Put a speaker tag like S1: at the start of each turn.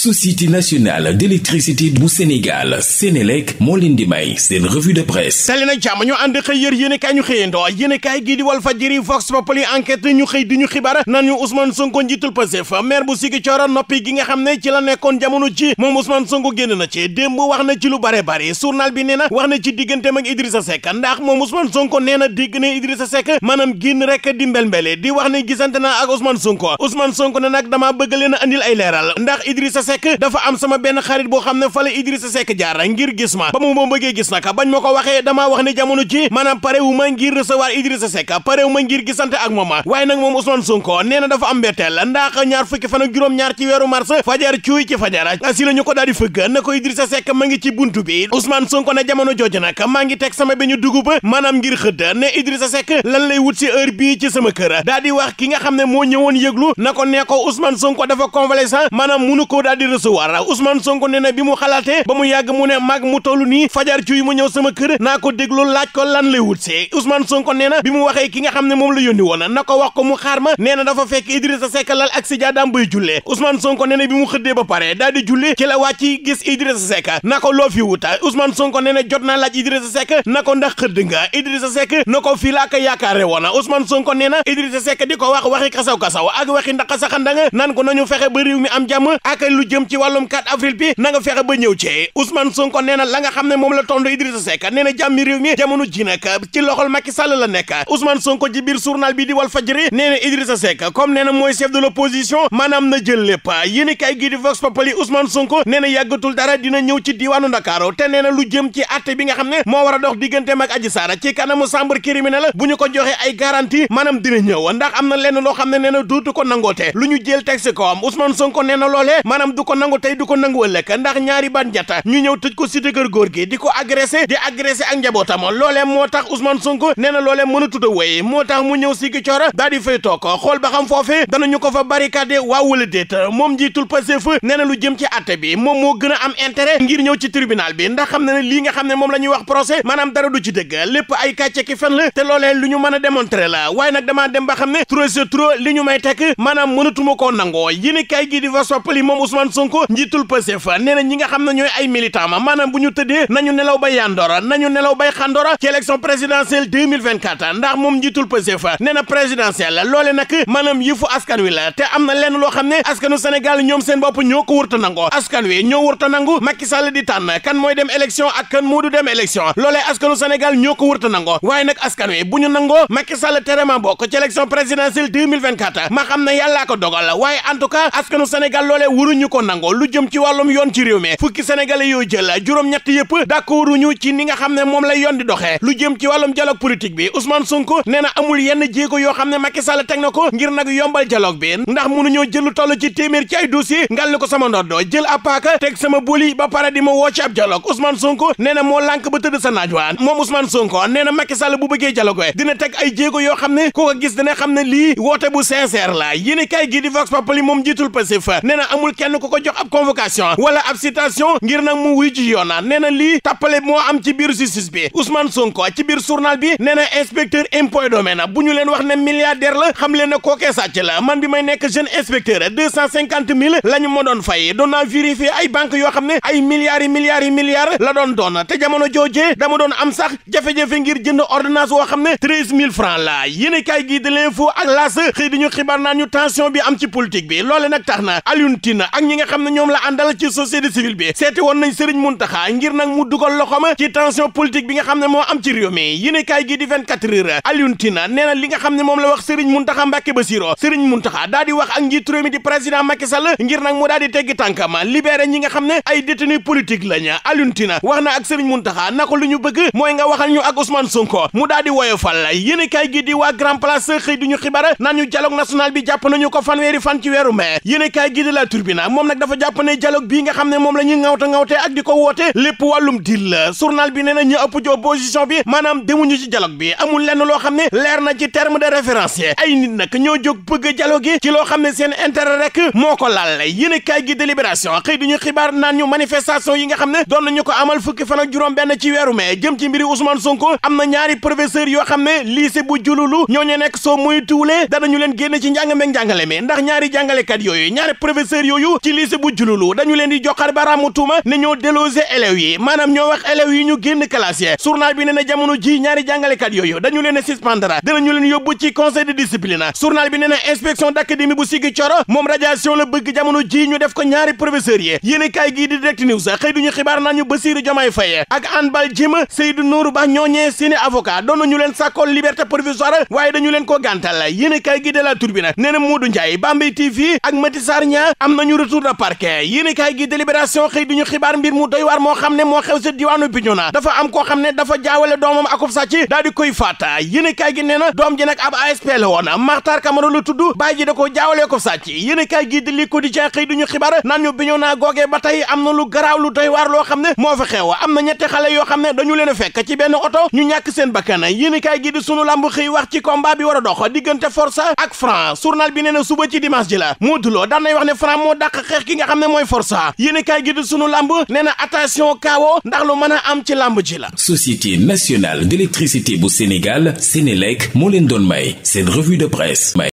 S1: société nationale d'électricité bu Sénégal Sénélec moo leen di may seen revue de presse tali na jàmm ñoo ànd xëy yër yéen i ñu xëyandoo yéen i kaay gii di Walf Fadjri Vox Populi ñu xëy di ñu xibaar naan ñu Ousmane Sonko njiitul Pastef maire bu Ziguinchor noppi gi nga xam ne ci la nekkoon jamono ji moom Ousmane Sonko génn na ci démb wax na ci lu bare bare journal bi nee na wax na ci digganteem ak Idrissa Seck ndax moom Ousmane Sonko nee na dégg ne Idrissa Seck maanaam génn rek di mbelmbele di wax ne gisante na ak Ousmane Sonko Ousmane Sonko ne nag dama ay leeral Seck dafa am sama benn xarit boo xam ne fa la Idrissa Seck jaar ngir gis ba mu bëggee gis nag bañ ma ko waxee damaa wax ne jamono ci maanaam pare wu ma ngir recevoir Idrissa Seck pare wu ma ngir gisante ak moom waaye nag moom Ousmane Sonko nee na dafa am mbetteel ndax ñaar fukki fan juróom-ñaar ci weeru mars fajar cuuy ci fajar si la ñu ko daal fëgg na ko Idrissa Seck ma ngi ci buntu bi Ousmane Sonko ne jamono jooju nag maa ngi teg sama beñu dugub maanaam ngir lan lay wut si heure sama kër daal di wax ki nga xam ne moo ñëwoon yëglu na ko nee ko Ousmane Sonko dafa convalescent maanaam munu ko daal di recevoir Ousmane Sonko na bi mu xalaatee ba mu yàgg mu ne mag mu toll nii fajar ci mu ñëw sama naa ko déglu laaj ko lan lay see Ousmane Sonko nee bi mu waxee ki nga xam ne moom la yónni woon na ko wax ko mu xaar ma nee dafa fekk Idrissa Seck lal ak si jaadaam bay jullee Ousmane Sonko nee na bi mu xëddee ba pare daal di jullee ci la wàcc gis Idrissa Seck na ko loo fi wuta Ousmane Sonko nee na jot naa laaj Idrissa Seck na ko ndax xëdd nga Idrissa Seck na ko fii laa ko yaakaare woon Ousmane Sonko jëm ci wàllum 4 avril bi na nga fexe ba ñëw ci Ousmane Sonko nee na la nga xam ne moom la tontu Idrissa Seck nee na jàmmi réew mi jamono ji nag ci loxol Macky Sall la nekk Ousmane Sonko ci biir journal bi di Walf Fadjri nee na Idrissa Seck comme nee na mooy chef de l'opposition maanaam na jël lépp yéen kay gi di Vox Populi Ousmane Sonko nee na yàggatul dara dina ñëw ci diiwaanu Ndakaaru te nee na lu jëm ci àtte bi nga xam ne moo war a dox diggante mag Adji Sarr ci kanamu chambre criminelle bu ñu ko joxee ay garantie maanaam dina ñëw ndax am na lenn loo xam ne na duutu ko nangoote lu ñu jël texte ko am Ousmane Sonko nee na loolee du ko nangu tey du ko nangu ëllëg ndax ñaari ba jata ñu ñëw tëj ko góor gi di ko agressé di agressé ak njabootam loolee moo tax Ousmane Sonko nee na loolee mënu tudd a moo tax mu ñëw si gi coora daal di fay toog xool ba xam foofee ñu ko fa barricade waa wala déet moom njiitul Pastef nee na lu jëm ci atte bi moom moo gën am intérêt ngir ñëw ci tribunal bi ndax xam na ne lii nga xam ne moom la ñu wax procès maanaam dara du ci dëgg lépp ay kàcce ki fen la te waaye nag damaa dem ba xam ne trop c'est trop li maanaam mënatuma koo nangoo yéen kay Ousmane Sonko njiitul Pastef nee na ñi nga xam ne ñooy ay militant ma maanaam bu ñu tëddee nañu nelaw bay yandoora nañu nelaw bay xandoora ci élection présidentielle 2024 ndax moom njiitul Pastef nee na présidentielle loole nag maanaam askan wi la te am na lenn loo xam ne askanu Sénégal ñoom seen bopp ñoo ko wurta nango askan wi ñoo wurta nangu Macky Sall di moo du dem élection loolee askanu Sénégal ñoo ko wurta nango waaye nag askan wi bu ñu nangoo Macky Sall terema bokk ci élection présidentielle 2024 ma xam ko dogal waaye en tout cas askanu Sénégal loolee wuruñu ko ko nangoo lu jëm ci wàllum yoon ci réew mi fukki sénégalais yoo jël juróom-ñett yëpp d'accorduñu ci ni nga xam ne moom lay yoon di doxee lu jëm ci wàllum dialogue politique bi Ousmane Sonko nee amul yenn jéego yoo xam ne Macky Sall teg na ngir nag yombal dialogue bi ndax mënuñoo jël lu toll ci téeméer ci ay dossier ngàll ko sama ndoddo jël ab paaka teg sama boli ba pare di ma woo ci ab moo lànk ba tëdd sa naaj waan moom Ousmane Sonko nee ko jox ab convocation wala ab citation ngir nag mu wuy ji nee na lii tappale moo am ci biir justice bi Ousmane Sonko ci biir journal bi nee na inspecteur impôt domaine bu ñu leen wax ne milliardaire la xam leen ne kookee sàcc la man bi may nekk jeune inspecteur deux cent cinquante mille la ñu ma doon fay doon naa vérifier ay banque yoo xam ne ay milliards yi milliards yi milliards doon doon te jamono joojee dama doon am sax jafe-jafe ngir jënd ordonnance woo xam ne treize mille francs la naa ñu tension bi am ci politique bi loole nag tax na Alioune Tine ak ñi nga xam ne ñoom la àndal ci société civile bi seeti woon nañ Serigne Mountakha ngir nag mu dugal loxoom ci tension politique bi nga xam ne moo am ci réew mi yéene kaay gi di 24 heures Alioune Tine nee na li nga xam ne moom la wax Serigne Mountakha Mbacké Bassirou Serigne Mountakha daal di wax ak njiitu réew mi di président Macky Sall ngir nag mu daal di teggi tànkam libéré ñi nga xam ne ay détenus politique lañ Alioune Tine wax na ak Serigne Mountakha naka lu ñu bëgg mooy nga waxal ñu ak Ousmane Sonko mu daal di woyofal yéene kaay gi di waa Grand Place xëy duñu xibaar naan ñu dialogue national bi jàpp nañu ko fanweeri fan ci weeru mai yéene kaay gi di la turbina moom nag dafa jàpp ne bii nga xam ne moom la ñuy ŋawta ŋawtee ak di ko woote lépp wàllum dil la journal bi nee na ñu ëpp ci opposition bi ci dialogue bi amul lenn loo xam ne leer na ci terme de référence ay nit nag ñoo jóg bëgg a dialogue ci loo xam ne seen intérêt rek moo ko laal yéen a kaay gi délibération xëy di ñu xibaar naan ñu manifestation yi nga xam ne doon nañu ko amal fukki fan ak juróom benn ci weeru mai jëm ci mbiri Ousmane Sonko am na ñaari professeur xam ne lycée bu jululu ñoo ñu nekk soo muy danañu leen génn ci njàng njàngale mi ndax ñaari jàngalekat yooyu ñaari professeur yooyu ci lycée bu jululu dañu leen di joxar baraamu tuuma ne ñoo délogé élèves yi maanaam ñoo wax élèves yi ñu génn classe yi journal bi nee na jamono ji ñaari jàngalekat yooyu dañu leen suspendre danañu leen yóbbu ci conseil de discipline journal bi nee na inspection d'académie bu sigi coro moom radiation la bëgg jamono ji ñu def ko ñaari professeurs yi yéen kaay gii di direct news xëy duñu xibaar naan ñu Bassirou Diomaye Faye ak Anne Bal Jim Seydou Nourou Ba ñooñee retour de parquet yéenekaay gi délibération xëy ñu xibaar mbir mu doy moo xam ne moo xew sa diwaanu Bignona dafa am koo xam ne dafa jaawale doomam akub sàcc daal di koy faat yéenekaay gi nee na doom ji nag ab ASP la woon Maxtaar Kamara lu tudd baay ji da ko jaawalee ko sàcc yéenekaay gi di li quotidien xëy di ñu xibaar naan ñu Bignona googee ba am na lu garaaw lu doy loo xam ne moo fa xew am na ñetti xale yoo xam ne dañu leen a fekk ci benn oto ñu ñàkk seen bakkan yéenekaay gi di sunu lamb xëy wax ci combat bi war a dox diggante Forza ak Franc journal bi nee na suba ci dimanche la Modou xeex gi nga xam ne mooy forsa yéen kaay gi di sunu lamb nee na attention kaawoo ndax lu mën a am ci lamb ji la. Société nationale d'électricité bu Sénégal Sénélec moo leen doon may seen revue de presse.